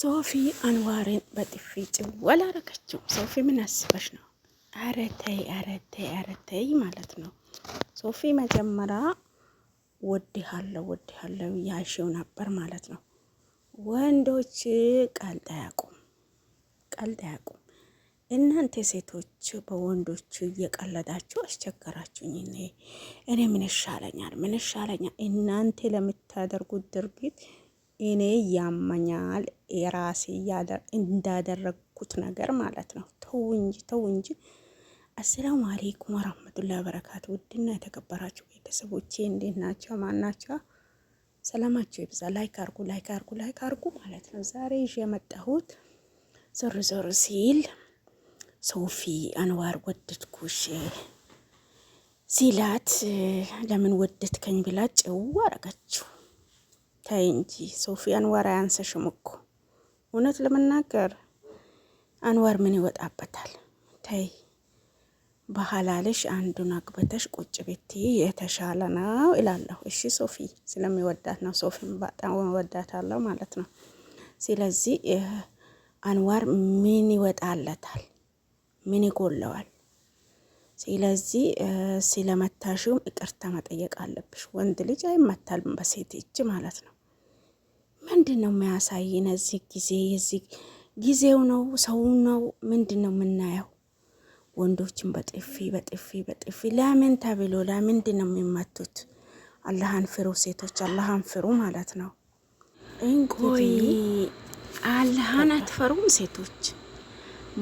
ሶፊ አንዋርን በጥፊ ጭው አላረገችው። ሶፊ ምን አስበሽ ነው? አረ ተይ፣ አረ ማለት ነው። ሶፊ መጀመሪያ ወድሃለሁ፣ ወድሃለሁ ያልሽው ነበር ማለት ነው። ወንዶች ቀልድ አያውቁም፣ ቀልድ አያውቁም። እናንተ ሴቶች በወንዶች እየቀለዳችሁ አስቸገራችሁኝ። እኔ እኔ ምን ይሻለኛል? ምን ይሻለኛል? እናንተ ለምታደርጉት ድርጊት እኔ ያመኛል የራሴ እንዳደረግኩት ነገር ማለት ነው። ተው እንጂ ተው እንጂ። አሰላሙ አሌይኩም ወራህመቱላ በረካቱ። ውድና የተከበራችሁ ቤተሰቦቼ እንዴት ናቸው? ማን ናቸው? ሰላማችሁ ይብዛ። ላይክ አርጉ፣ ላይክ አርጉ፣ ላይክ አርጉ ማለት ነው። ዛሬ ይዤ የመጣሁት ዞር ዞር ሲል ሶፊ አንዋር ወደድኩሽ ሲላት ለምን ወደድከኝ ብላ ጭው አረገችው። ታይ እንጂ ሶፊ አንዋር አያንሰሽም እኮ እውነት ለመናገር አንዋር ምን ይወጣበታል? ታይ በሀላለሽ አንዱን አግበተሽ ቁጭ ቤት የተሻለ ነው ይላለሁ እሺ ሶፊ ስለሚወዳት ነው። ሶፊ በጣም ወዳታለሁ ማለት ነው። ስለዚህ አንዋር ምን ይወጣለታል? ምን ይጎለዋል? ስለዚህ ስለመታሽውም ይቅርታ መጠየቅ አለብሽ። ወንድ ልጅ አይመታልም በሴት እጅ ማለት ነው። ምንድን ነው የሚያሳይን? እዚህ ጊዜ የዚህ ጊዜው ነው ሰው ነው ምንድን ነው የምናየው? ወንዶችን በጥፊ በጥፊ በጥፊ ለምን ተብሎ ለምንድን ነው የሚመቱት? አላህን ፍሩ ሴቶች፣ አላህን ፍሩ ማለት ነው። እንቆይ አላህን አትፈሩም ሴቶች?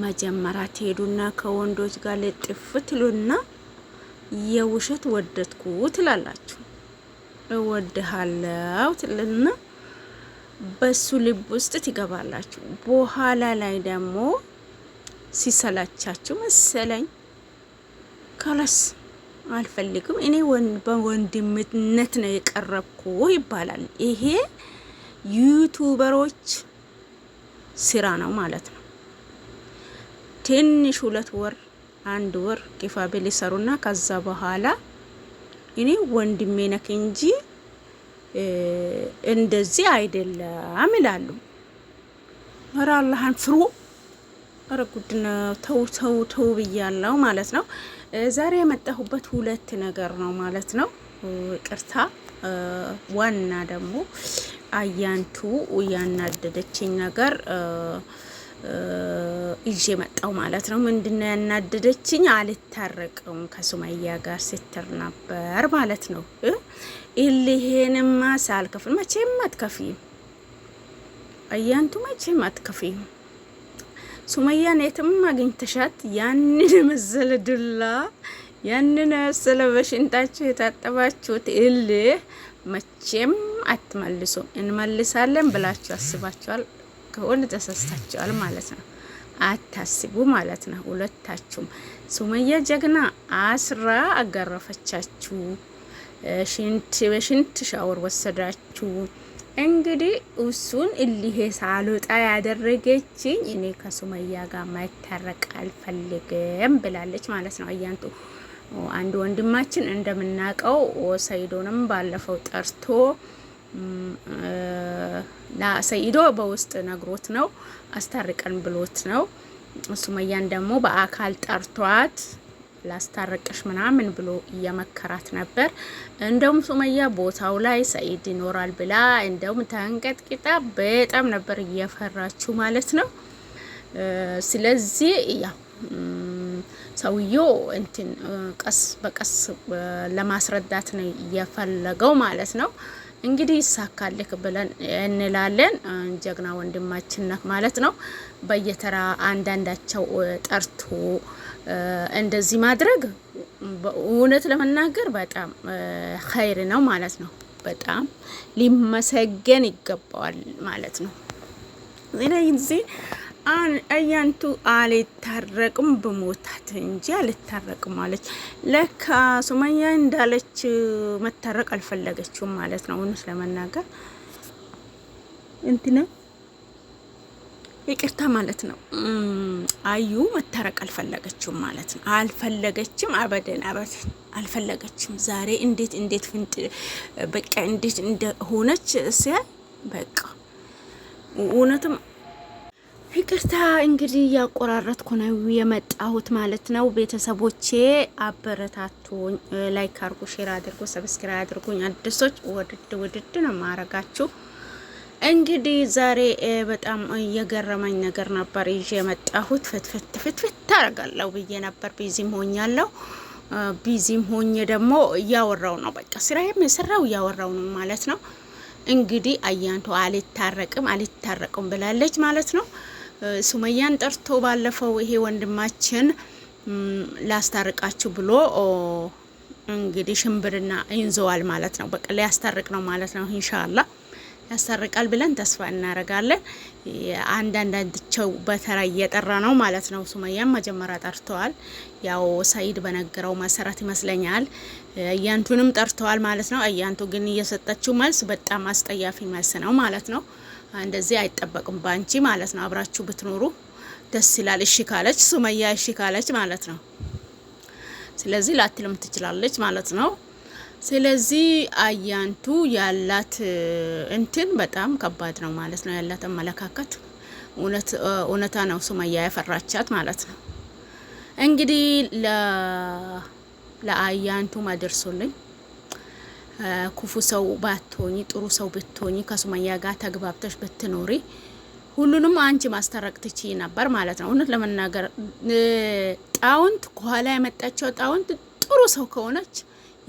መጀመሪያ ትሄዱና ከወንዶች ጋር ልጥፍ ትሉና የውሸት ወደድኩ ትላላችሁ፣ እወድሃለው ትልና በሱ ልብ ውስጥ ትገባላችሁ። በኋላ ላይ ደግሞ ሲሰላቻችሁ መሰለኝ ከላስ አልፈልግም እኔ በወንድምነት ነው የቀረብኩ ይባላል። ይሄ ዩቱበሮች ስራ ነው ማለት ነው። ትንሽ ሁለት ወር አንድ ወር ኪፋቤ ሊሰሩና ከዛ በኋላ እኔ ወንድሜ ነክ እንጂ እንደዚህ አይደለም ይላሉ። ኧረ አላህን ፍሩ። ኧረ ጉድ ነው። ተው ተው ተው ብያለሁ ማለት ነው። ዛሬ የመጣሁበት ሁለት ነገር ነው ማለት ነው። ቅርታ ዋና ደግሞ አያንቱ ያናደደችኝ ነገር ይዤ መጣው ማለት ነው። ምንድነው ያናደደችኝ? አልታረቅም ከሱማያ ጋር ስትር ነበር ማለት ነው። እልሄንማ ሳልከፍል መቼም አትከፊም፣ አያንቱ መቼም አትከፊም። ሱማያን የትም አግኝተሻት ያንን የመሰለ ዱላ ያንን የመሰለ በሽንጣችሁ የታጠባችሁት እልህ መቼም አትመልሱም። እንመልሳለን ብላችሁ አስባችኋል። ከሆነ ተሳስታችኋል ማለት ነው። አታስቡ ማለት ነው። ሁለታችሁም ሱመያ ጀግና አስራ አጋረፈቻችሁ፣ ሽንት በሽንት ሻወር ወሰዳችሁ። እንግዲህ እሱን እሊሄ ሳልወጣ ያደረገችኝ እኔ ከሱመያ ጋር መታረቅ አልፈልግም ብላለች ማለት ነው። አያንቱ አንድ ወንድማችን እንደምናውቀው ሰይዶንም ባለፈው ጠርቶ ሰይዶ በውስጥ ነግሮት ነው አስታርቀን ብሎት ነው። ሱመያን ደግሞ በአካል ጠርቷት ላስታረቀሽ ምናምን ብሎ እየመከራት ነበር። እንደውም ሱመያ ቦታው ላይ ሰይድ ይኖራል ብላ እንደውም ተንቀጥቂጣ በጣም ነበር እየፈራችው ማለት ነው። ስለዚህ ያው ሰውየው እንትን ቀስ በቀስ ለማስረዳት ነው እየፈለገው ማለት ነው። እንግዲህ ይሳካልክ ብለን እንላለን። ጀግና ወንድማችን ነህ ማለት ነው። በየተራ አንዳንዳቸው ጠርቶ እንደዚህ ማድረግ እውነት ለመናገር በጣም ኸይር ነው ማለት ነው። በጣም ሊመሰገን ይገባዋል ማለት ነው። ዜና አያንቱ አልታረቅም በሞታት እንጂ አልታረቅም አለች። ለካ ሱመያ እንዳለች መታረቅ አልፈለገችውም ማለት ነው። እውነት ለመናገር እንትነ ይቅርታ ማለት ነው። አዩ መታረቅ አልፈለገችም ማለት ነው። አልፈለገችም፣ አበደን አበደን አልፈለገችም። ዛሬ እንዴት እንዴት ፍንጥ በቃ እንዴት እንደሆነች ሲያይ በቃ እውነትም ይቅርታ እንግዲህ እያቆራረጥኩ ነው የመጣሁት ማለት ነው። ቤተሰቦቼ አበረታቱኝ፣ ላይክ አድርጉ፣ ሼር አድርጉ፣ ሰብስክራይብ አድርጉኝ። አዲሶች ውድድ ውድድ ነው ማረጋችሁ። እንግዲህ ዛሬ በጣም የገረመኝ ነገር ነበር ይዤ የመጣሁት። ፍትፍት ፍትፍት ታደርጋለሁ ብዬ ነበር ቢዚም ሆኛለሁ። ቢዚም ሆኜ ደግሞ እያወራው ነው በቃ ስራዬም የሰራው እያወራው ነው ማለት ነው። እንግዲህ አያንቱ አልታረቅም አልታረቅም ብላለች ማለት ነው። ሱመያን ጠርቶ ባለፈው ይሄ ወንድማችን ላስታርቃችሁ ብሎ እንግዲህ ሽምብርና ይንዘዋል ማለት ነው። በቃ ሊያስታርቅ ነው ማለት ነው። ኢንሻአላ ያስታርቃል ብለን ተስፋ እናረጋለን። አንዳንዳቸው በተራ እየጠራ ነው ማለት ነው። ሱመያም መጀመሪያ ጠርተዋል። ያው ሰይድ በነገረው መሰረት ይመስለኛል እያንቱንም ጠርተዋል ማለት ነው። እያንቱ ግን እየሰጠችው መልስ በጣም አስጠያፊ መልስ ነው ማለት ነው። እንደዚህ አይጠበቅም ባንቺ ማለት ነው። አብራችሁ ብትኖሩ ደስ ይላል። እሺ ካለች ሱመያ እሺ ካለች ማለት ነው። ስለዚህ ላትልም ትችላለች ማለት ነው። ስለዚህ አያንቱ ያላት እንትን በጣም ከባድ ነው ማለት ነው። ያላት አመለካከት እውነታ ነው። ሱመያ ያፈራቻት ማለት ነው። እንግዲህ ለአያንቱ ማደርሶልኝ። ክፉ ሰው ባትሆኝ ጥሩ ሰው ብትሆኝ ከሱመያ ጋር ተግባብተሽ ብትኖሪ ሁሉንም አንቺ ማስታረቅ ትቺ ነበር ማለት ነው። እውነት ለመናገር ጣውንት ከኋላ የመጣቸው ጣውንት ጥሩ ሰው ከሆነች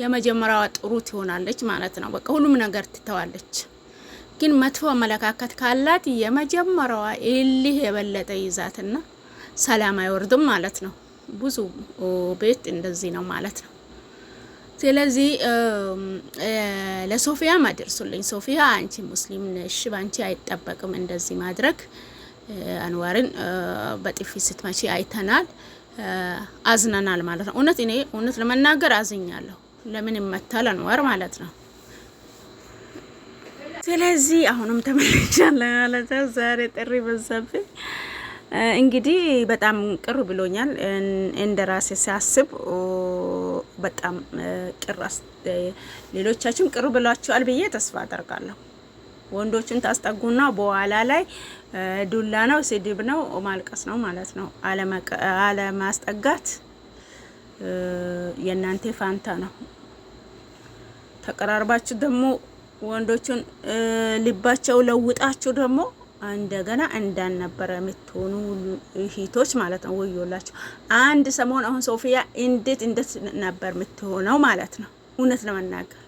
የመጀመሪያዋ ጥሩ ትሆናለች ማለት ነው። በቃ ሁሉም ነገር ትተዋለች። ግን መጥፎ አመለካከት ካላት የመጀመሪያዋ እልህ የበለጠ ይዛትና ሰላም አይወርድም ማለት ነው። ብዙ ቤት እንደዚህ ነው ማለት ነው። ስለዚህ ለሶፊያ ማደርሱልኝ። ሶፊያ አንቺ ሙስሊም ነሽ፣ ባንቺ አይጠበቅም እንደዚህ ማድረግ። አንዋርን በጥፊ ስትመቺ አይተናል፣ አዝነናል ማለት ነው። እውነት እኔ እውነት ለመናገር አዝኛለሁ። ለምን ይመታል አንዋር ማለት ነው። ስለዚህ አሁንም ተመልሻለሁ ማለት ነው። ዛሬ ጥሪ በዛብኝ። እንግዲህ በጣም ቅር ብሎኛል እንደ ራሴ ሲያስብ። በጣም ቅራስ ሌሎቻችን ቅር ብሏችኋል ብዬ ተስፋ አደርጋለሁ። ወንዶችን ታስጠጉና በኋላ ላይ ዱላ ነው፣ ስድብ ነው፣ ማልቀስ ነው ማለት ነው። አለማስጠጋት የእናንተ ፋንታ ነው። ተቀራርባችሁ ደግሞ ወንዶቹን ልባቸው ለውጣችሁ ደግሞ እንደገና እንዳልነበረ የምትሆኑ እህቶች ማለት ነው። ወዮላችሁ አንድ ሰሞን አሁን ሶፊያ እንዴት እንዴት ነበር የምትሆነው ማለት ነው። እውነት ለመናገር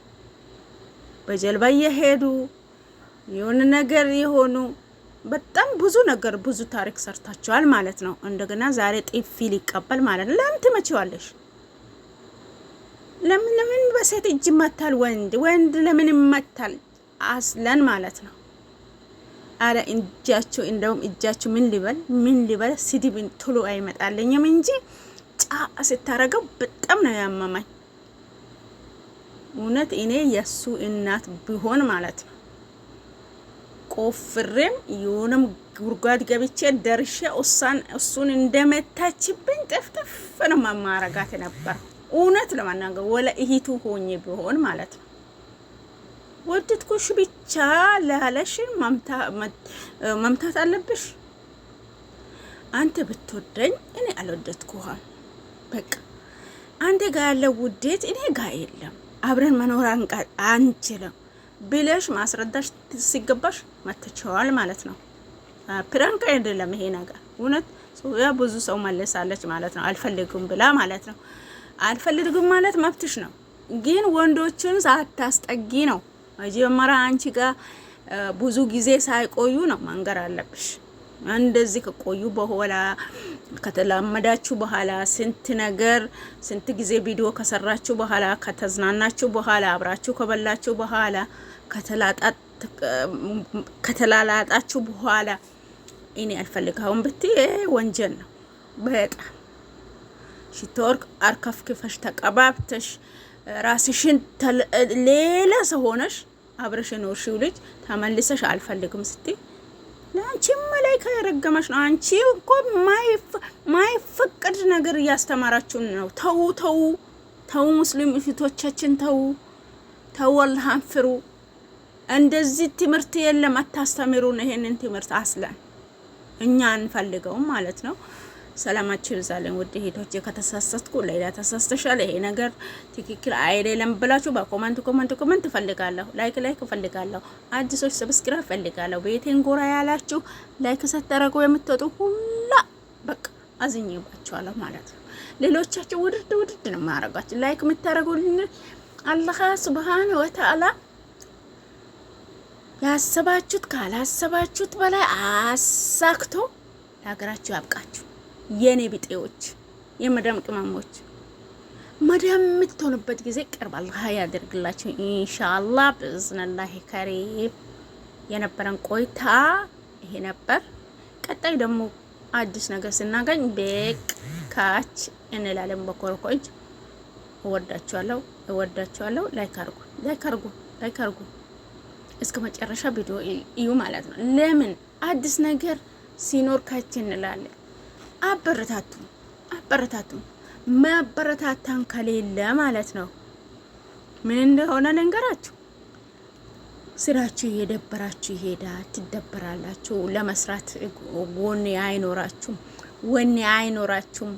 በጀልባ እየሄዱ የሆነ ነገር የሆኑ በጣም ብዙ ነገር ብዙ ታሪክ ሰርታችኋል ማለት ነው። እንደገና ዛሬ ጥፊ ሊቀበል ማለት ነው። ለምን ትመችዋለሽ? ለምን ለምን በሴት እጅ ይመታል? ወንድ ወንድ ለምን ይመታል? አስለን ማለት ነው። አረ እጃችሁ እንደውም እጃችሁ ምን ሊበል ምን ሊበል ስድብ ቶሎ አይመጣለኝም እንጂ ጫ ስታረገው በጣም ነው ያመማኝ። እውነት እኔ የሱ እናት ቢሆን ማለት ነው ቆፍሬም የሆነም ጉድጓድ ገብቼ ደርሼ እሷን እሱን እንደመታችብኝ ጥፍጥፍ ነው ማማረጋት ነበር። እውነት ለማናገር ወለ እህቱ ሆኜ ቢሆን ማለት ነው ወደድኩሽ ብቻ ላለሽን መምታት አለብሽ። አንተ ብትወደኝ እኔ አልወደድኩህም። በቃ አንተ ጋ ያለው ውዴት እኔ ጋ የለም። አብረን መኖር አንችልም ብለሽ ማስረዳሽ ሲገባሽ መተቸዋል ማለት ነው። ፕራንክ አይደለም ይሄ ነገር እውነት። ሶፊያ ብዙ ሰው መለሳለች ማለት ነው። አልፈልግም ብላ ማለት ነው። አልፈልግም ማለት መብትሽ ነው፣ ግን ወንዶችን ሳታስጠጊ ነው መጀመሪያ አንቺ ጋር ብዙ ጊዜ ሳይቆዩ ነው መንገር አለብሽ። እንደዚህ ከቆዩ በኋላ ከተላመዳችሁ በኋላ ስንት ነገር ስንት ጊዜ ቪዲዮ ከሰራችሁ በኋላ ከተዝናናችሁ በኋላ አብራችሁ ከበላችሁ በኋላ ከተላላጣችሁ በኋላ እኔ አልፈልግም ብትይ ወንጀል ነው። በጣም ሽቶ አርከፍክፈሽ ተቀባብተሽ ራስሽን ሌላ ሰው ሆነሽ አብረሽ የኖርሽው ልጅ ተመልሰሽ አልፈልግም ስትይ ለአንቺ መላይካ ያረገመሽ ነው። አንቺ እኮ ማይፈቀድ ነገር እያስተማራችሁን ነው። ተው ተው ተው፣ ሙስሊም እህቶቻችን ተው ተው፣ አላህን ፍሩ። እንደዚህ ትምህርት የለም። አታስተምሩን ይሄንን ትምህርት አስለን እኛ አንፈልገውም ማለት ነው። ሰላማችሁ ይብዛልኝ ውድ እህቶቼ። ከተሳሳትኩ ሌላ ተሳስተሻል፣ ይሄ ነገር ትክክል አይደለም ብላችሁ በኮመንት ኮመንት ኮመንት ፈልጋለሁ ላይክ ላይክ ፈልጋለሁ አዲሶች ሰብስክራይብ ፈልጋለሁ ቤቴን ጎራ ያላችሁ ላይክ ሰተረጉ የምትወጡ ሁላ በቃ አዝኝባችኋለሁ ማለት ነው። ሌሎቻችሁ ውድድ ውድድ ነው ማረጋችሁ ላይክ የምታረጉልን አላህ ሱብሃነ ወተዓላ ያሰባችሁት ካላሰባችሁት በላይ አሳክቶ ለሀገራችሁ ያብቃችሁ። የኔ ቢጤዎች የመዳም ቅመሞች መዳም የምትሆኑበት ጊዜ ቀርባል። ሀ ያደርግላቸው ኢንሻላ ብዝነላሂ ከሪም። የነበረን ቆይታ ይሄ ነበር። ቀጣይ ደግሞ አዲስ ነገር ስናገኝ ቤቅ ካች እንላለን። በኮረኮጅ እወዳችኋለሁ፣ እወዳችኋለሁ። ላይክ አርጉ፣ ላይክ አርጉ፣ ላይክ አርጉ። እስከ መጨረሻ ቪዲዮ እዩ ማለት ነው። ለምን አዲስ ነገር ሲኖር ካች እንላለን። አበረታቱ አበረታቱ። ማበረታታን ከሌለ ማለት ነው ምን እንደሆነ ልንገራችሁ። ስራችሁ እየደበራችሁ ይሄዳል። ትደበራላችሁ። ለመስራት ጎን አይኖራችሁም፣ ወኔ አይኖራችሁም።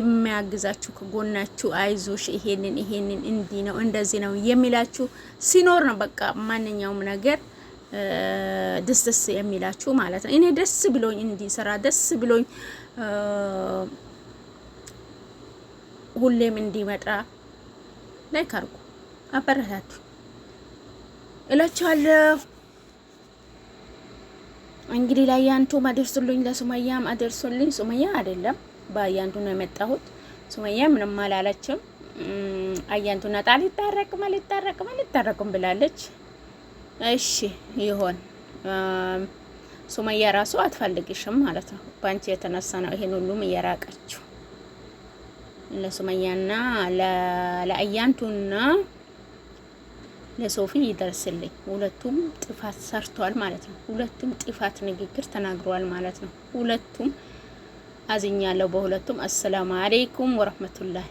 የሚያግዛችሁ ከጎናችሁ አይዞሽ፣ ይሄንን ይሄንን እንዲህ ነው እንደዚህ ነው የሚላችሁ ሲኖር ነው በቃ ማንኛውም ነገር ደስ ደስ የሚላችሁ ማለት ነው። እኔ ደስ ብሎኝ እንዲሰራ ደስ ብሎኝ ሁሌም እንዲመጣ ላይክ አድርጉ፣ አበረታቱ እላችኋለሁ። እንግዲህ ለአያንቱም አደርሱልኝ፣ ለሱመያም አደርሱልኝ። ሱመያ አይደለም በአያንቱ ነው የመጣሁት። ሱመያ ምንም አላለችም። አያንቱና ጣ ሊታረቅም አልታረቅም አልታረቅም ብላለች። እሺ ይሆን ሱመያ ራሱ አትፈልግሽም ማለት ነው። በአንቺ የተነሳ ነው ይሄን ሁሉም እየራቀችው ለሱመያና ለአያንቱና ለሶፊ ይደርስልኝ። ሁለቱም ጥፋት ሰርቷል ማለት ነው። ሁለቱም ጥፋት ንግግር ተናግሯል ማለት ነው። ሁለቱም አዝኛለሁ። በሁለቱም አሰላሙ አለይኩም ወረህመቱላህ